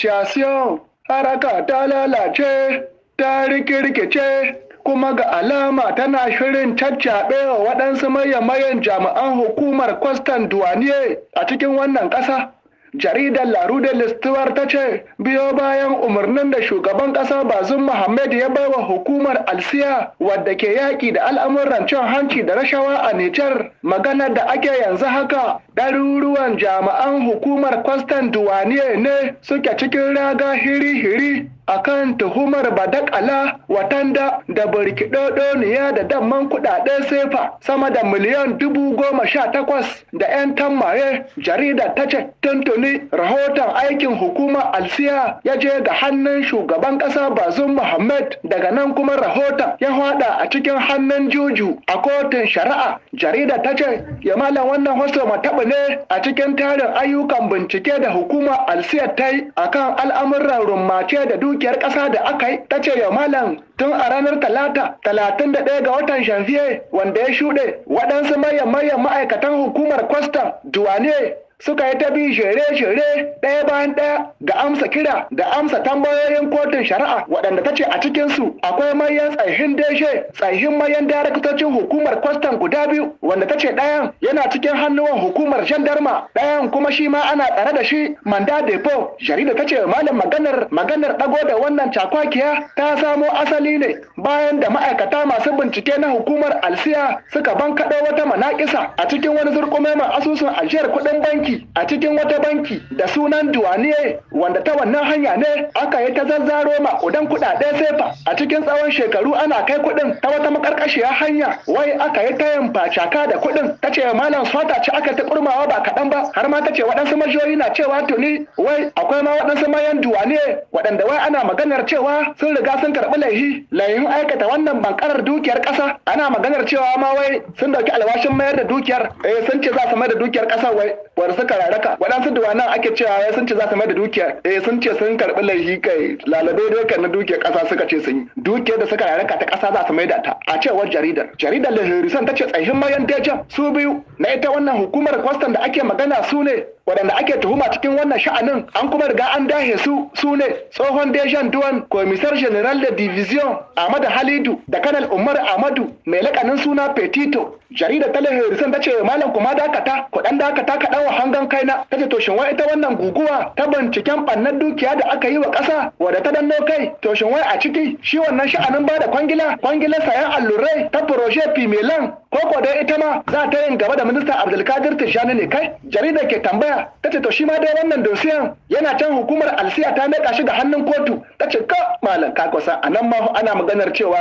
Chasiyon, haraka ta lalace, ta rikirkice, kuma ga alama tana shirin caccaɓe wa waɗansu mayan jami'an hukumar kwastan duwaniye a cikin wannan ƙasa. Jaridar Larude Listuwar ta ce biyo bayan umarnin da shugaban ƙasa bazin Muhammad ya baiwa hukumar Alsiya wadda ke yaƙi da al'amuran cin hanci da rashawa a Nijar maganar da ake yanzu haka ɗaruruwan jami'an hukumar kwastan duwaniye ne suke cikin raga hiri-hiri akan tuhumar badakala watanda da birkiɗoɗoniya da damman kuɗaɗen sefa sama da miliyan dubu goma sha takwas da 'yan tammaye jarida ta ce tuntuni rahoton aikin hukumar alsiya ya je ga hannun shugaban ƙasa bazum muhammad daga nan kuma rahoton ya hada a cikin hannun juju a kotun shari'a jarida ta ce ya malam wannan hoso mataɓa ne a cikin tarin ayyukan bincike da hukumar alsiya ta yi akan al'amuran rummace da duk kungiyar ƙasa da aka yi ta ce malam tun a ranar talata talatin da ɗaya ga watan janvier wanda ya shuɗe waɗansu mayan mayan ma'aikatan hukumar kwastam duwane suka yi ta bi shere-shere ɗaya bayan ɗaya ga amsa kira da amsa tambayoyin kotun shari'a waɗanda ta ce a cikinsu akwai mayan tsahin deshe tsahin mayan daraktocin hukumar kwastan guda biyu wanda ta ce ɗayan yana cikin hannuwan hukumar jandarma ɗayan kuma shi ma ana tsare da shi manda depo jarida ta ce malam maganar maganar ɗago da wannan cakwakiya ta samo asali ne bayan da ma'aikata masu bincike na hukumar alsiya suka bankaɗo wata manaƙisa a cikin wani zurƙumeman asusun ajiyar kuɗin banki banki a cikin wata banki da sunan duwaniye wanda ta wannan hanya ne aka yi ta zazzaro kudan kudade sefa a cikin tsawon shekaru ana kai kuɗin ta wata makarkashiyar hanya wai aka yi tayin facaka da kuɗin ta ce malam fata ce aka ta kurmawa ba kaɗan ba har ma ta ce waɗansu majiyoyi na cewa tuni wai akwai ma waɗansu mayan duwaniye waɗanda wai ana maganar cewa sun riga sun karɓi laihi laihin aikata wannan bankarar dukiyar ƙasa ana maganar cewa ma wai sun ɗauki alwashin mayar da dukiyar eh sun ce za su mayar da dukiyar ƙasa wai masu kararaka waɗansu duwanan ake cewa sun ce za su mai da dukiya eh sun ce sun karɓi laifi kai lalabe da na dukiyar ƙasa suka ce sun yi dukiyar da suka raraka ta ƙasa za su mai da ta a cewar jaridar jaridar lahirisan ta ce tsayin mayan dejan su biyu na ita wannan hukumar kwastan da ake magana su ne waɗanda ake tuhuma cikin wannan sha'anin an kuma riga an dahe su su ne tsohon dejan duwan komisar general de division ahmad halidu da kanal umar ahmadu mai lakanin suna petito jarida ta talabijin ta ce malam kuma dakata kuɗan dakata ka ɗawa hangan kaina ta ce toshin wai ita wannan guguwa ta binciken ɓannan dukiya da aka yi wa ƙasa wadda ta danno kai toshin wai a ciki shi wannan sha'anin ba da kwangila kwangilar sayan allurai ta projet pimelan ko ko dai ita ma za ta yin gaba da minista abdulkadir tijjani ne kai jarida ke tambaya ta ce to shi ma dai wannan dosiyan yana can hukumar alsiya ta nika shi da hannun kotu ta ce ka malam ka kusa a nan ma ana maganar cewa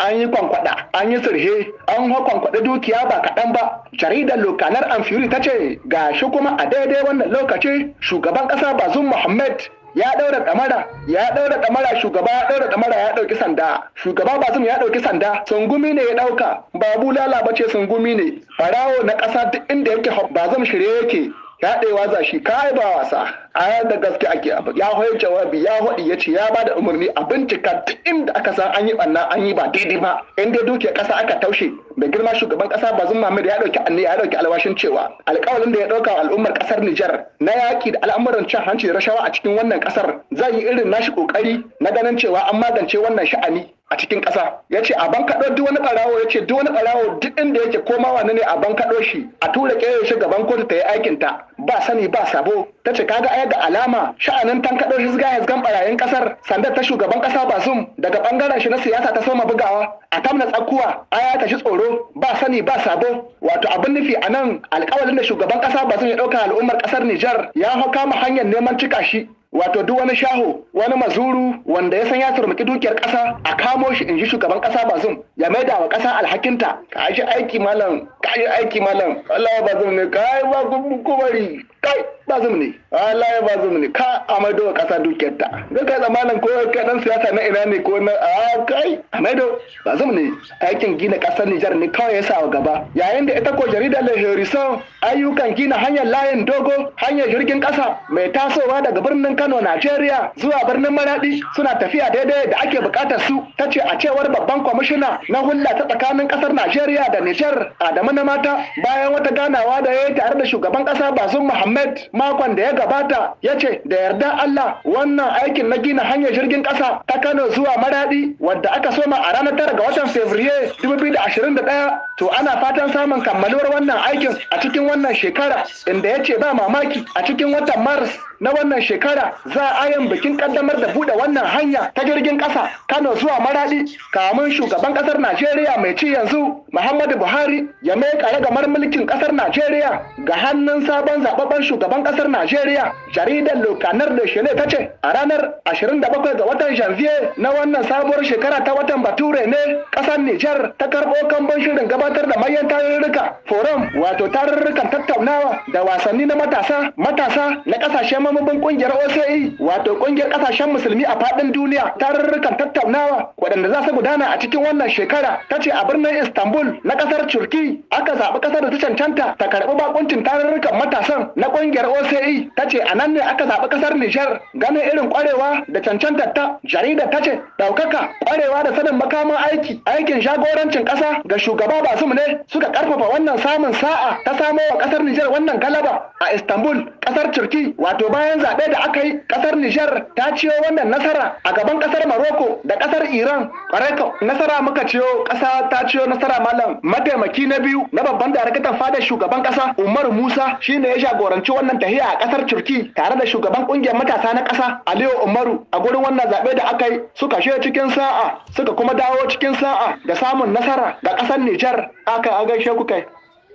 an yi kwankwada an yi sirhe an kwankwada dukiya ba kaɗan ba jaridar lokanar amfiri ta ce ga shi kuma a daidai wannan lokaci shugaban ƙasa bazum muhammad ya ɗaura ɗamara ya ɗaura ɗamara shugaba ya ɗaura ɗamara ya ɗauki sanda shugaba bazum ya ɗauki sanda sungumi ne ya ɗauka babu lala bace sungumi ne farawo na ƙasa duk inda yake bazum shirye yake yaɗewa za shi kai ba wasa a yar da gaske ake abu ya hoye jawabi ya hodi ya ce ya ba da umarni a bincika duk inda aka san an yi ɓanna an yi ba daidai ba in dai dukiyar ƙasa aka taushe da girma shugaban ƙasa bazum mamadu ya ɗauki anne ya ɗauki alwashin cewa alƙawalin da ya ɗauka wa al'ummar ƙasar Nijar na yaƙi da al'amuran cin hanci da rashawa a cikin wannan ƙasar zai yi irin nashi ƙoƙari na ganin cewa an magance wannan sha'ani a cikin ƙasa ya ce a bankaɗo duk wani ɓarawo ya ce duk wani ɓarawo duk inda yake koma wani ne a bankaɗo shi a tura ƙere shi gaban kotu ta yi aikinta ba sani ba sabo ta ce kaga ayar da alama sha'anin kaɗo shi zga yazgan ɓarayin ƙasar sandar ta shugaban ƙasa ba zum daga ɓangaren shi na siyasa ta soma bugawa a tamna tsakuwa aya ta shi tsoro ba sani ba sabo wato abin nufi a nan alƙawarin da shugaban ƙasa zum ya ɗauka al'ummar ƙasar Nijar ya hau kama hanyar neman cika shi wato duk wani shaho wani mazuru wanda ya san ya turmaki dukiyar ƙasa a kamo shi in ji shugaban ƙasa bazum ya maida wa ƙasa alhakinta ka shi aiki malam ka shi aiki malam Allah bazum ne kai ba gumbu kubari kai ba zum ne wallahi ba zum ne ka maido wa kasa dukiyarta ga kai zamanin ko ka dan siyasa na ina ne ko na a kai maido ba zum ne aikin gina kasar Nijar ne kawai ya sa gaba yayin da ita ko jaridar Le Horizon ayyukan gina hanyar layin dogo hanyar jirgin ƙasa mai tasowa daga birnin Kano Najeriya zuwa birnin Maradi suna tafiya daidai da ake bukatar su ta ce a cewar babban kwamishina na hulɗa ta tsakanin ƙasar Najeriya da Nijar Adamu na mata bayan wata ganawa da ya yi tare da shugaban kasa Bazum Muhammad Ahmed makon da ya gabata ya ce da yarda Allah wannan aikin na gina hanyar jirgin ƙasa ta Kano zuwa Maradi wadda aka soma a ranar 9 ga watan Fabrairu 2021 to ana fatan samun kammaluwar wannan aikin a cikin wannan shekara inda ya ce ba mamaki a cikin watan maris na wannan shekara za a yin bikin kaddamar da buɗe wannan hanya ta jirgin ƙasa kano zuwa maradi kamun shugaban ƙasar najeriya mai ci yanzu muhammadu buhari ya mai ga mulkin ƙasar najeriya ga hannun sabon zababban shugaban ƙasar najeriya jaridar lokanar da shele ta ce a ranar 27 ga watan janvier na wannan sabuwar shekara ta watan bature ne ƙasar nijar ta karɓo kamban shirin gaba gabatar da manyan tarurruka forum wato tarurrukan tattaunawa da wasanni na matasa matasa na kasashen mamabin kungiyar OCE wato kungiyar kasashen musulmi a fadin duniya tarurrukan tattaunawa waɗanda za su gudana a cikin wannan shekara ta ce a birnin Istanbul na kasar Turki aka zaɓi kasar da ta cancanta ta karɓi bakuncin tarurrukan matasan na kungiyar OCE ta ce a nan ne aka zaɓi kasar Nijar ganin irin kwarewa da cancantar ta jarida ta ce ɗaukaka kwarewa da sanin makaman aiki aikin jagorancin ƙasa ga shugaba ba Kasum ne suka karfafa wannan samun sa'a ta samo wa kasar Nijar wannan galaba a Istanbul kasar Turki wato bayan zaɓe da aka yi kasar Nijar ta ciyo wannan nasara a gaban kasar Maroko da kasar Iran Kwareko nasara muka ciyo kasa ta ciyo nasara malam mataimaki na biyu na babban darakatan fadar shugaban kasa Umar Musa shine ya jagoranci wannan tahiya a kasar Turki tare da shugaban kungiyar matasa na kasa Aliyu Umaru a gurin wannan zaɓe da aka yi suka shiga cikin sa'a suka kuma dawo cikin sa'a da samun nasara ga kasar Nijar aka a gaishe ku kai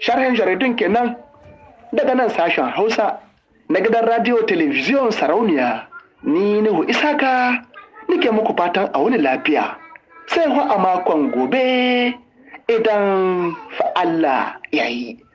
sharhin jaridun kenan daga nan sashen Hausa na gidan radio television sarauniya ni Nuhu Isaka nike muku fatan a wani lafiya sai a makon gobe idan fa Allah yayi.